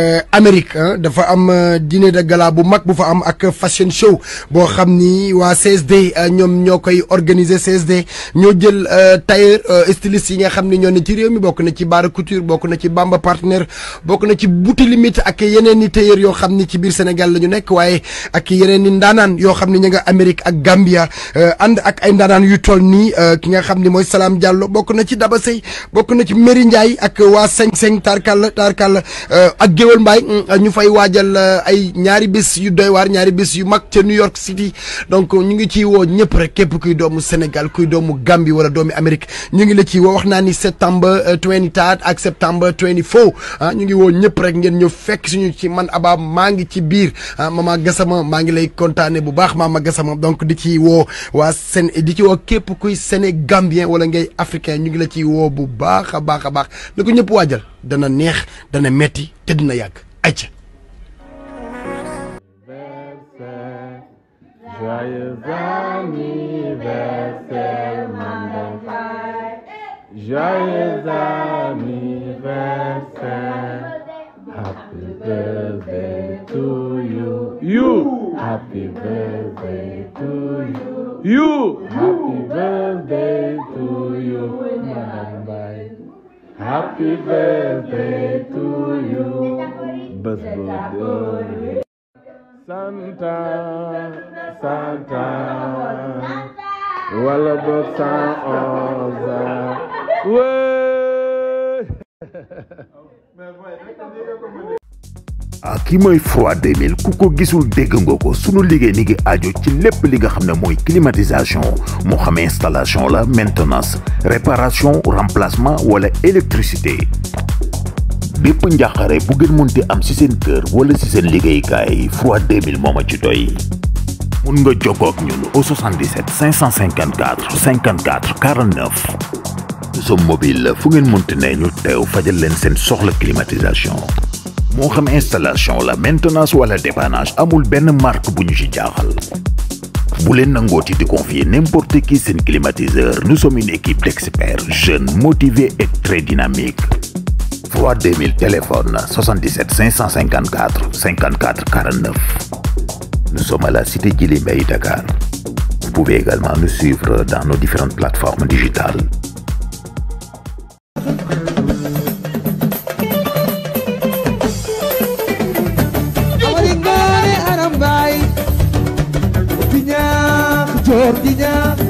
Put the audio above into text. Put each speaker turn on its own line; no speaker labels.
Euh, Amérique dafa am euh, dîner de gala bu mag bu fa am ak fashion show boo xam ni waa CSD euh, ñoom ñoo koy organiser CSD ñoo jël tailleur styliste yi nga xam ni ñoo ne ci réew mi bokk na ci Bara Couture bokk na ci Bamba Partner bokk na ci Bouti Limite ak yeneen i tailleur yoo xam ni ci biir Sénégal la ñu nekk waaye ak yeneen i ndaanaan yoo xam ni ñu nga Amérique ak Gambia ànd ak ay ndaanaan yu toll nii ki nga xam ni mooy Salam Diallo bokk na ci Daba Sey bokk na ci Mary Ndiaye ak waa Seng Seng Tarkal géwél Bay ñu fay wajal euh, ay ñaari bis yu doy war ñaari bis yu mag ci New York City donc ñu ngi ci wo ñëpp rek kep kuy doomu Sénégal kuy doomu Gambie wala doomu Amérique ñu ngi la ci wo wax naa ni septembre 23 euh, ak septembre 24 ah, ñu ngi wo ñëpp rek ngeen ñu fekk suñu ci man aba ma ngi ci biir ah, mama Gassama ma ngi lay kontaane bu baax mama Gassama donc di ci wo wa sen di ci wo kep kuy Sénégambien wala ngay africain ñu ngi la ci wo bu baaxa a baax a baax na ko ñëpp waajal dana neex dana metti te dina yàgg acca Joyeux anniversaire, Mandafai. Joyeux anniversaire. Happy birthday to you. You. Happy birthday to you. You. Happy birthday to you. Happy birthday to you. Birthday. Santa, Santa, Wallabosa Oza.
A ah, ki froid 2000 ku ko gisul sunu ci li nga climatisation installation la maintenance réparation remplacement wala électricité bepp njàqare bu am ci sen wala ci kay froid 2000 moma ci doy mun nga au 77 554 54 49 Zoom mobile fu ngeen ñu soxla climatisation mon installation la maintenance wala dépannage amul benn marque bu ñu ci Vous bu leen nangooti de confier n'importe qui un climatiseur nous sommes une équipe d'experts jeunes motivés et très dynamiques. 3 2000 téléphone 77 554 54 49 nous sommes à la cité Djily Dakar vous pouvez également nous suivre dans nos différentes plateformes digitales
الوديده